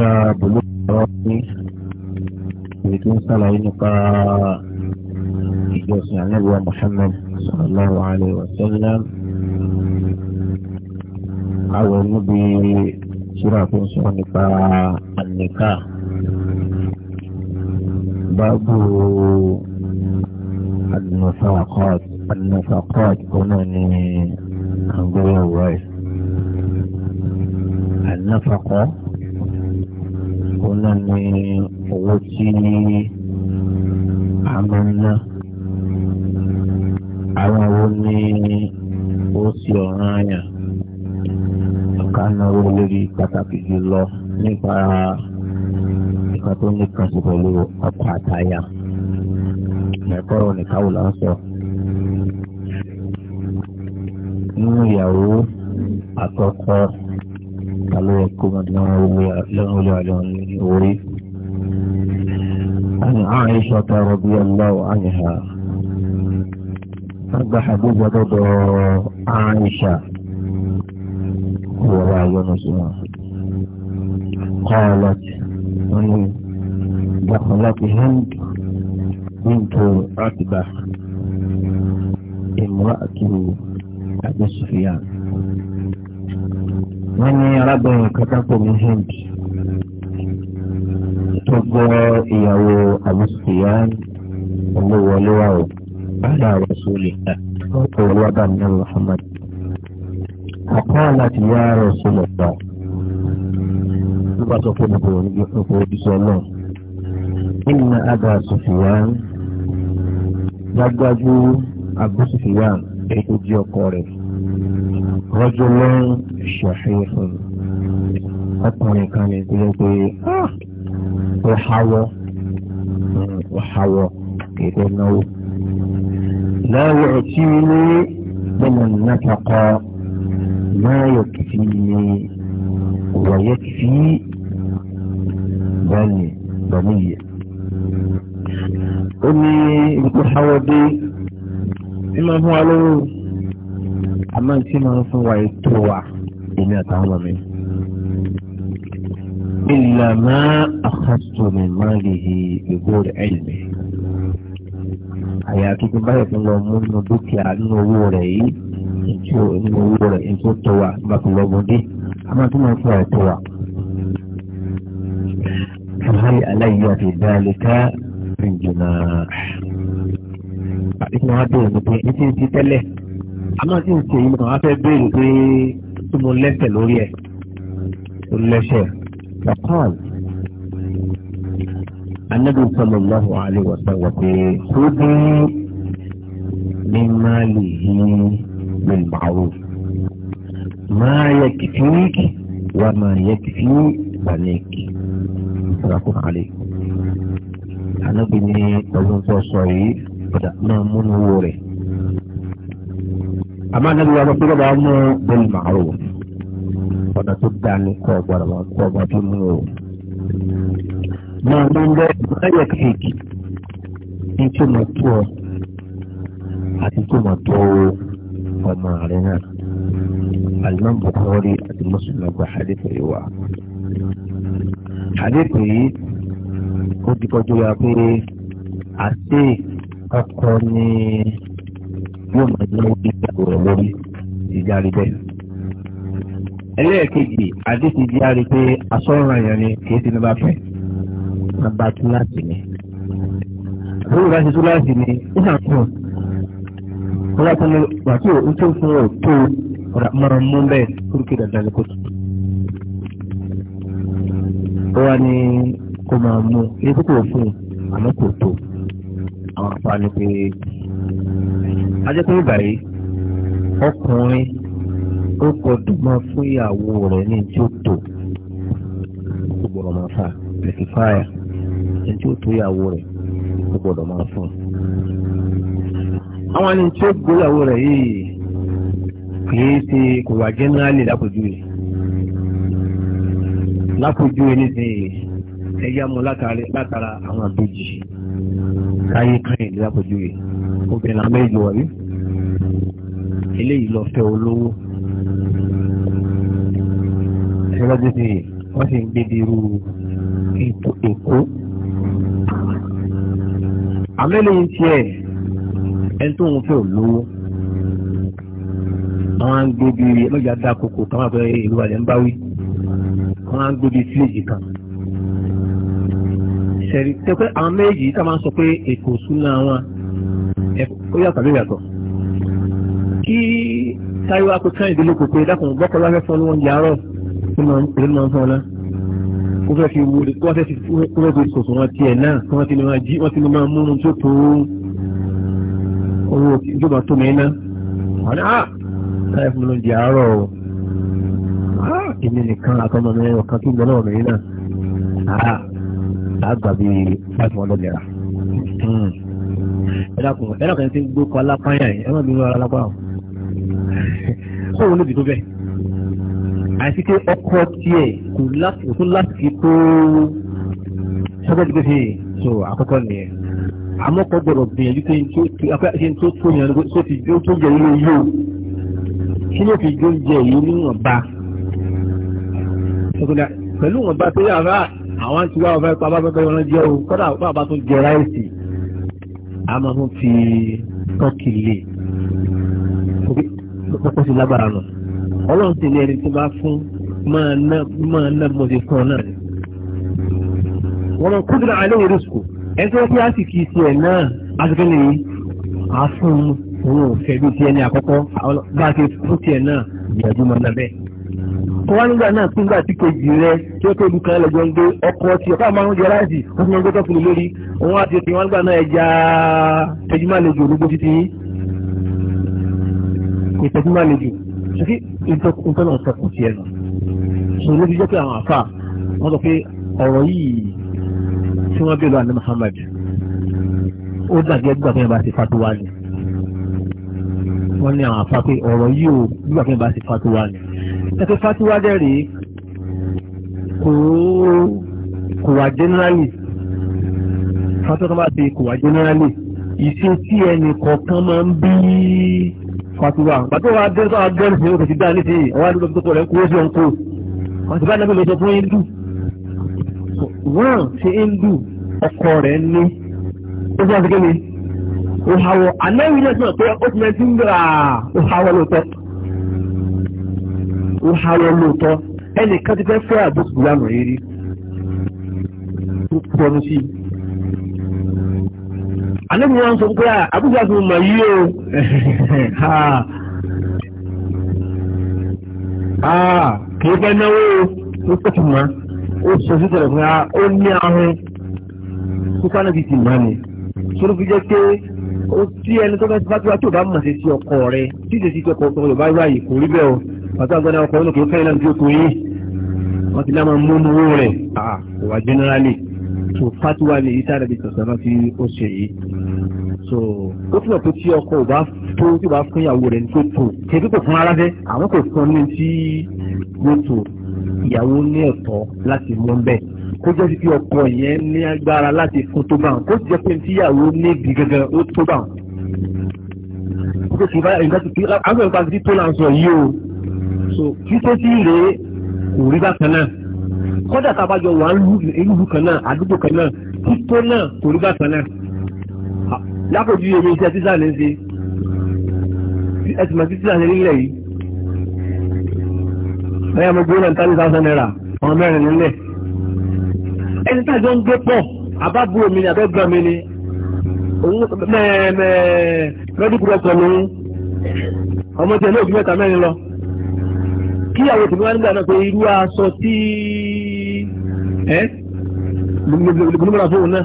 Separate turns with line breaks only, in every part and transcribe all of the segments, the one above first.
ya bulu ni ibi tí ń sàlàyé nípa ìjọsìn anábìwá Muhammad sallallahu alayhi wa sallam
àwọn níbi sura tó ń sọ nípa àníká báàbù àdìmọ̀sáwàkọ́t àdìmọ̀sáwàkọ́t ọ̀nà ni àgbéyàwó rẹ̀ ànáfàkọ́. ní owó tí a máa ń ná àwọn owó ní ó
sì ọ̀ràn àyàn ọ̀ká náwó lórí pàtàkì jùlọ nípa ìka tó ní kan sí pẹ̀lú ọkọ̀ àtàyà ẹ̀kọ́ nìkáwò là ń sọ. nínú ìyàwó àtọkọ ta ló yẹ kó mọ̀ lọ́rùn olóyà lọ́rùn olóyà lọ́rùn ní. الزهري عن عائشة رضي الله عنها هذا حديث ضد عائشة ولا ينسوها قالت دخلت هند بنت عتبة امرأة أبي
سفيان من ربي
كتبت من
هند tó jẹ́ ìyàwó àbùsùyàn
olówóolówà o bàdà rọ̀sùlì olùwàbà ní muhammad. àkọọ́lá ti yá rọ̀sùlì pa nígbà tó fún mi kò ojúṣe náà nínú àgbà sùfìyàn dágbájú àbùsùyàn èyí tó ọkọ rẹ̀ rọ́jò lọ́rùn ṣàfihàn ọkùnrin kan ní ìpínlẹ̀ pé ó háwọ́ ó háwọ́ kéde náwó. láwọ̀ tí ilé bẹ́ẹ̀ ni nàkàkọ́ náà yóò kìtì ní wọ̀nyẹ́ kìtì bẹ́ẹ̀ni bẹ́ẹ̀niyẹ. ó ní ibi tó háwọ́ dé ní máa fún wa lówó àmọ́ tí máa fún wa ètò wa èmi àtàwọn ọmọ mi. إلا ما أخذت من ماله بغير علمه àyàfi tó báyọ̀ fún lọ mú nínú dúkìá nínú owó rẹ̀ yìí nínú owó rẹ̀ èyí tó tó wa bá fi lọ́gbọ́n dé a máa tún máa fi ọ̀rọ̀ tó wa. Fúhárì aláìyá fi dáálé ká ìjìnà. Àdéhùn wa bẹ̀rẹ̀ ní pé ní ti tẹ́lẹ̀ a máa ti ń ṣe yìí mọ̀ wá fẹ́ béèrè pé tó mo lẹ́sẹ̀ lórí ẹ̀ tó lẹ́sẹ̀. فقال النبي صلى الله عليه وسلم خذي من ماله بالمعروف ما يكفيك وما يكفي بنيك متفق عليه أنا بني تزن عليه بدأ padà máa أما owó صلى الله عليه وسلم بالمعروف ọ̀nà tó dáa ní kọ́ ọ̀gbọ̀rọ̀ wọn kọ́ ọ̀gbọ̀n tó mú o. Máa máa ń lọ Mayek Fake ní tó mọ̀ tó ọ àti tó mọ̀ tó ọmọ rẹ̀ náà. Alimam Bukhari àti Mùsùlùmí gba hadith yìí wá. Hadith yìí ó di kọjú ya pé àti ọkọ ni yóò máa náwó ìgbà rẹ̀ lórí ìjà bẹ́ẹ̀ ẹlẹ́ẹ̀kejì àdìsí di ari pé asọ́ràn yẹn ni kì í ti ní bá fẹ́ nàbà túláàsì ni lórí ìbáṣe túláàsì ni ó hàn fún un wọ́n bá tún ní wàtí ò ń tó fún ọ tó mọ̀ràn mú bẹ́ẹ̀ kúrúkì dandan ní kótó. ó wá ní kó máa mú ebi kò fún un àmọ́ kò tó àwọn àpá ni pé ajẹ́pẹ́ ìgbà yìí ọkùnrin ó gbọ́dọ̀ máa fún ìyàwó rẹ̀ ní tí ó tò ó gbọ́dọ̀ máa fà pẹ̀sífáyà ní tí ó tó ìyàwó rẹ̀ ó gbọ́dọ̀ máa fún un. àwọn ẹni tí ó gbóyàwó rẹ̀ yìí kìí ṣe kò wá jẹ́nẹ́rálì lápòjúwe lápòjúwe nísìnyí ẹ̀yà mu látara àwọn àbejì káyé káyé lápòjúwe obìnrin àmẹ́jọ wà rí eléyìí lọ fẹ́ olówó ṣe lọ́jọ́ sí i wọ́n sì ń gbé bí irú ètò èkó. àmẹ́lẹ̀ ń tiẹ̀ ẹni tó ń fẹ́ olówó àwọn ń gbé bí lọ́jà dá koko káwọn àgbẹ̀ ìlú àlẹ́ ń bá wí àwọn ń gbé bí fílẹ̀jì kan. sẹ̀rí tẹ́pẹ́ àwọn méjì tá a máa sọ pé ètò ìṣúná wọn ó yàtọ̀ lórí yàtọ̀ kí táyọ̀ akọ̀kan ìdílé kò pé dákùn bọ́kọ̀ láfẹ́ fún ní wọ́n jẹ́ àárọ̀ ìlú náà sọ̀rọ̀ wọ́n fẹ́ fi wo wọ́n fẹ́ fi wọ́n fẹ́ fi sọ̀tọ̀ wọn tiẹ̀ náà kí wọ́n ti lè máa jí wọ́n ti máa mú un tó tó owó ìjọba tó mẹ́ná wọ́n ní ah! táyà fún mi ló di àárọ̀ o ah! èmi nìkan àtọmọ mi ọ̀kan tó ń gbọ́ lọ́wọ́ mi náà àgbà ah! bíi five hundred naira hmm. ẹ̀dàkùn ẹ̀dàkùn ẹni tí ń alápáyà yìí ẹ̀wọ̀n mi ń lọ alápá o. sọ̀rọ̀ lóbi tó bẹ́ẹ̀ àti pé ọkọ tiẹ̀ kò tún láti tó sọ́gbọ́n dígbé fi so àkọ́kọ́ nìyẹn àmọ́ kọ́ gbọ́dọ̀ gbìyànjú pé ṣe tó tó yàn tó ti jó tó jẹ́ ilé yóò kí ló fi jó jẹ èyí níwọ̀nba pẹ̀lú ìwọ̀nba pé àbá àwọn ti wá ọ̀fẹ́ pa abáfẹ́fẹ́ wọn jẹ́ o kọ́dà àwọn àbá tó jẹ ráìsì a máa tún fi tọ́kì lè kókó sí lágbára náà ọlọ́run sì ní ẹni tó bá fún máa ná bó ṣe fún ọ náà wọ́n lọ kúndùrà alẹ́ òru sùkò ẹni tó fi àsìkò ìṣe ẹ̀ náà àtúntò nìyí àfún òun ò fẹ́ bí tiẹ̀ ní àkọ́kọ́ bá a ṣe fún tiẹ̀ náà ìyàjú máa ná bẹ́ẹ̀ kọ́ wá nígbà náà fúngbà tí kejì rẹ tí ó tóbi kan lọ́jọ́ ń gbé ọkọ̀ tí ọ̀pá máa ń jẹ láìsí wọ́n fún ọgbẹ́ tọ́kùnrin lórí òun àti òpin wọn nígbà náà ẹja tẹjú máa lejò ológbó títí yín kò tẹjú máa lejò sí ìtọ́nà ọ̀tẹ̀kùn sí ẹnu ṣòro ló fi jẹ́ pé àwọn àfà wọ́n sọ pé ọ̀rọ̀ yìí tí wọ́n bèèrè àná Muhammad ó dàbí ẹgbẹ́ àfihàn bá ti fatuwa ni wọ́n ní àwọn àfà pé ọ̀rọ̀ yìí ò gbígbà àfihàn bá ti fatuwa ni ẹ̀fẹ́ fatuwa dẹ̀ rèé kò kò wá generally fatuwa kan bá ti kò wá generally ìṣe tí ẹnì kọ̀ọ̀kan máa ń bí fatuwa pàtó wa dé sọ adẹ́rù sí oṣù dáa nísìnyí ọwọ́ àdúgbò tó kọ̀ rẹ̀ kú oṣù ọ̀nkú àti bá nàbí lọ sọ fún hindu wọ́n ṣe hindu ọkọ rẹ̀ ní ó sọ àfikẹ́ mi òhàwọ̀ anáwì náà sọ pé ó ti mẹ́ ti ń gbà òhàwọ̀ lóòótọ́ òhàwọ̀ lóòótọ́ ẹnìkan ti fẹ́ fẹ́ àdúgbò lánàá yìí rí ó pọ̀ ní sí àlébù wọn sọ pé àbújá ah, fi mọ̀ yí o kì í fẹ́ náwó o ó pẹ̀tù mọ́ ó sọ sí tẹ̀lẹ̀ fún wa ah, ó ní ahun kúkú ti ti mọ́ ni sórí fi jẹ́ pé ó tí ẹni tó fẹ́ sí fásitì tó bá mọ̀ sí sí ọkọ rẹ tí ìṣesí ti ọkọ ọkọ yorùbá yóò àyè kò rí bẹ́ẹ̀ o pàtó àgbọ̀nà ọkọ yóò kì í fẹ́ náà ti kò yín wọ́n ti dáná mú mú rẹ̀ ah, kò jẹ́nẹ́rálì tó fatuwa ni ìtàdàbí tọ̀sán náà ti ó ṣe yìí so ó túnbọ̀ pé tí ọkọ ò bá tó tí ò bá fún ìyàwó rẹ̀ tó tó tẹ̀bí kò fún ara fẹ́ àwọn kò fún ní tí yóò tó ìyàwó ní ẹ̀tọ́ láti mú bẹ́ẹ̀ kó jẹ́ sí pé ọkọ yẹn ní agbára láti fún tó bá wọn kó jẹ́ pé tí ìyàwó ní ibi gangan ó tó bá wọn. kókò tí báyà nígbà tí àwọn ìpa ti tó là ń sọ yìí o so títẹ́ sí rèé kò rí bákan náà kọ́dà tá a bá jọ wà ń lù kan náà lápòjú yẹmi iṣẹ́ tíṣà ní ṣe ẹ̀sìn màtí tíṣà ní nílẹ̀ yìí bẹ́ẹ̀ mo gbé náà tálí thousand naira ọmọ mẹ́rin nílẹ̀ ẹni tájọ ń gbé pọ̀ àbábúrò mi ni àbẹ́gbọ́n mi ni mẹ́ẹ̀mẹ́ẹ̀ mẹ́díkù dọ́kítọ̀ lòun ọmọ tí ẹ ní òbí mẹ́ta mẹ́rin lọ kí àwọn tèmi wá nígbà náà pé irú aṣọ tí ẹ́ gbogbo gbogbo gbogbo fóun náà.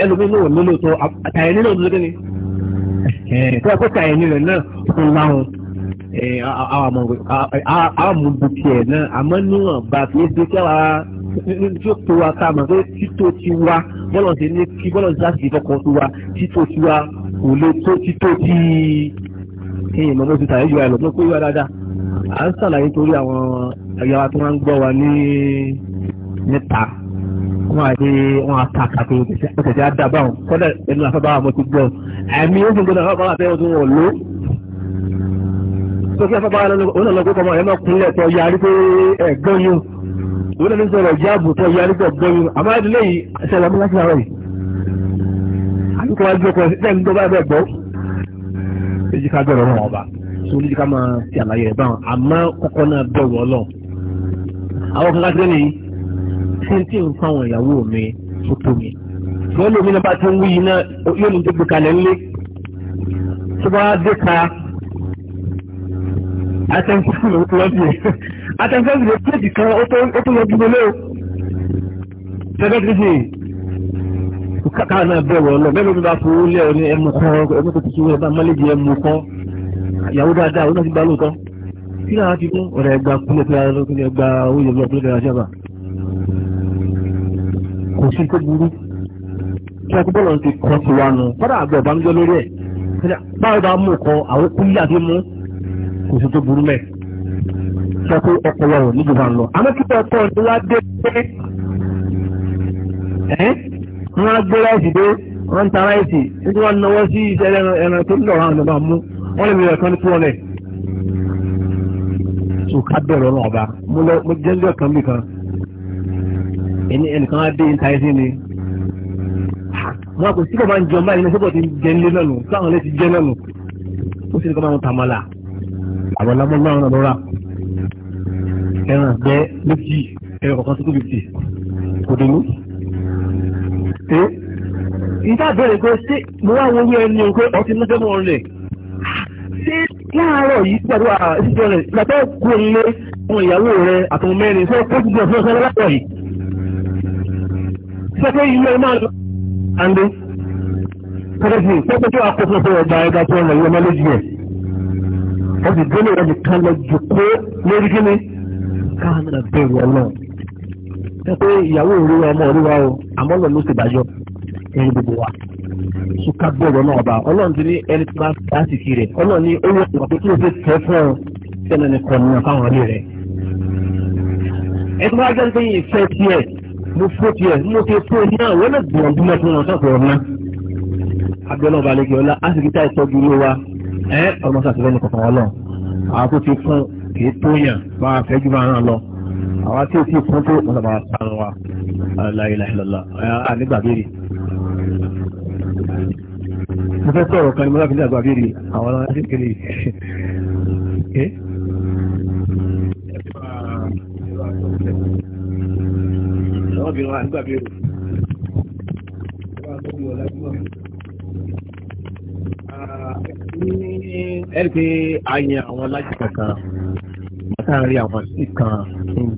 ẹlòmí náà nílò tó àtàyẹ̀ní náà ló gẹ́ni tó ẹ̀kọ́ tàyẹ̀ní rẹ̀ náà fún láhùn àmúgbò tiẹ̀ náà àmọ́ é ṣe kẹ́wà tí ó tó wa ká mọ̀ pé títò ti wa bọ́lọ̀ ṣe ní kí bọ́lọ̀ ṣe láti ìfọkàn tó wa títò ti wa kò lè tó títò ti ẹ̀yìn mọ́mọ́ ti tàyẹ̀ yóò lọ́pọ̀ pé yóò dáadáa à ń sàlàyé torí àwọn ẹ̀yà wa tó máa ń gbọ́ wa wọn àti wọn àkàkà pé o tẹ̀sí àdàbà wọn kọ́dà ẹnu àfẹ́ báwa mo ti gbọ́ ẹ̀mí ó sì gbọ́dọ̀ fọ́pọ́ àti ẹ̀wọ̀n wọn lò tó kí afẹ́ báwa lọ́nà lọ́gbọ́ kọ́mọ ẹ̀ náà kúnlẹ̀ tọ́ yarí pé ẹ̀ gbọ́n yín òun náà ní sọ̀rọ̀ jáàbù tọ́ yarí pé gbọ́n yín àmọ́ ẹ̀dínlẹ̀ yìí ṣẹlẹ̀ mú láti àárọ̀ yìí àbíkọ́ wájú ọkọ̀ ń gbọ́ báyìí bẹ́ẹ̀ gbọ́ èyí ká gbọ́dọ̀ náà wọ́n bá tó ní ká máa ti àlàyé ẹ̀ báwọn àmọ́ kọ́kọ́ náà bẹ̀rù ọlọ́run àwọn kan ká tẹ́lẹ̀ yìí tí ń tí ń fa àwọn ìyàwó mi tó mi wọ́n lómi náà bá ti ń wúyi náà yóò ní dúpọ̀ kalẹ̀ ńlé tó bá dé ka atẹ́ńtẹ́sì ló tó lọ́dún yẹn atẹ́ńtẹ́sì ló tó dìkan ó tó lọ dúró lé o tẹ́lẹ̀tìrìsì náà bẹ̀rù ọ̀nà bẹ́ẹ̀ ló bá fowó lé ọ ẹmu kan ẹmu tó tuntun ẹ bá mọ́lẹ́jì ẹmu kan ìyàwó dáadáa ó náà ti gbá lóòótọ́ kí náà ti kún ọ̀rẹ́ gba kúlẹ̀ tó yára lókè gba oyè lọ́ọ́ kúlẹ̀ tó kò sí tó burú kí ọkọ̀ bọ́ọ̀lù ti kọ́ sí wa nù kọ́dà àgbẹ̀ ọ̀bánújọ́ lórí ẹ̀ báwo bá mú kọ àwọn kúlí àti mú kò sí tó burú mẹ́ sọ pé ọpọlọ rẹ̀ níbi wa ń lọ. àmọ́ kí ọkọ̀ ni wá dé pé ẹ́ wọ́n á gbé láìsí dé wọ́n ń ta láìsí nígbà wọn náwó sí iṣẹ́ ẹran tó ń lọ àwọn ọ̀nà mú wọ́n lè mìíràn kan ní fún ọ lẹ̀. sùkà bẹ̀rẹ̀ ọ̀nà ọ̀bà mo jẹ́ ń ẹni ẹnìkan á dé ìta ẹsẹ̀ ni wọn kò sí kò máa ń jẹun báyìí ní sọ́kò tí ń jẹ nílé náà nù sáwọn lè ti jẹ náà nù ó sì ní kò máa ń tàmàlà àwọn ọlọ́mọ náà náà lọ́ra ẹran gbẹ méjì ẹran kọ̀ọ̀kan tó tóbi tì kò dé mú. ìta bẹ̀rẹ̀ pé ṣé mo wá wọlé ẹni o pé ọtí mọ́tẹ́ mọ́ rẹ̀ ṣé láàárọ̀ yìí gbàdúrà ìṣèjọ rẹ̀ gbàtọ́ kúrò nílé àwọn ìyàwó rẹ̀ àtọmọ mẹ́rin fún ọkọ̀ ìṣèjọ fún ọ̀sán pẹ́pẹ́ ilé máa lọ. Àndé pẹ́pẹ́sì pẹ́pẹ́ tí wàá kó fún ọ̀sẹ̀ ọ̀gbà ẹ̀dá tó ọ̀nà ìyọ́mọ lójú ẹ̀. Wọ́n ti gbélé wọn nìkan lọ jòkó lórí kíni. Káwọn náà bẹ̀rù ọlọ́run. Pẹ́pẹ́ ìyàwó òrùwa ọmọ òrùwa o, àmọ́ lọ ló ti bàjọ́ ẹ̀rí gbogbo wa. Ṣùkà bọ̀rọ̀ náà bá ọlọ́run ti ní ẹni tí wọ́n á sì kiri. Ọlọ́run ní owó ìwà pé kí ló ṣe tẹ́ fún ọ sẹ́nu ni kọ̀ọ̀nù fáwọn ọ̀rẹ́ rẹ̀. Ẹ mo fó tiẹ̀ mo ti fó ní àwọn náà gbìyànjú mọ́ fún wọn sọ̀tọ̀ ọ̀nà abiola balẹ̀kẹ́ ọlá àsìkítà ìtọ́jú ilé wa ẹ ọmọ sàtìlẹ́ ní kọ̀ọ̀kan ọlọ́ àwọn tó ti fún kì í tóyàn bá a fẹ́ jù máa ràn lọ àwọn tí ó ti fún tó wọn bá a sàrọ̀ wa aláìláìlọ́lá ànígbàbéèrè mo fẹ́ sọ̀rọ̀ kan ní mo láfi ní àgbàbéèrè àwọn aláìláìlọ́lá bí wọn àgbàbí rò ẹ̀rí pé a yan àwọn lájú kankan látàrí àwọn sí kan ń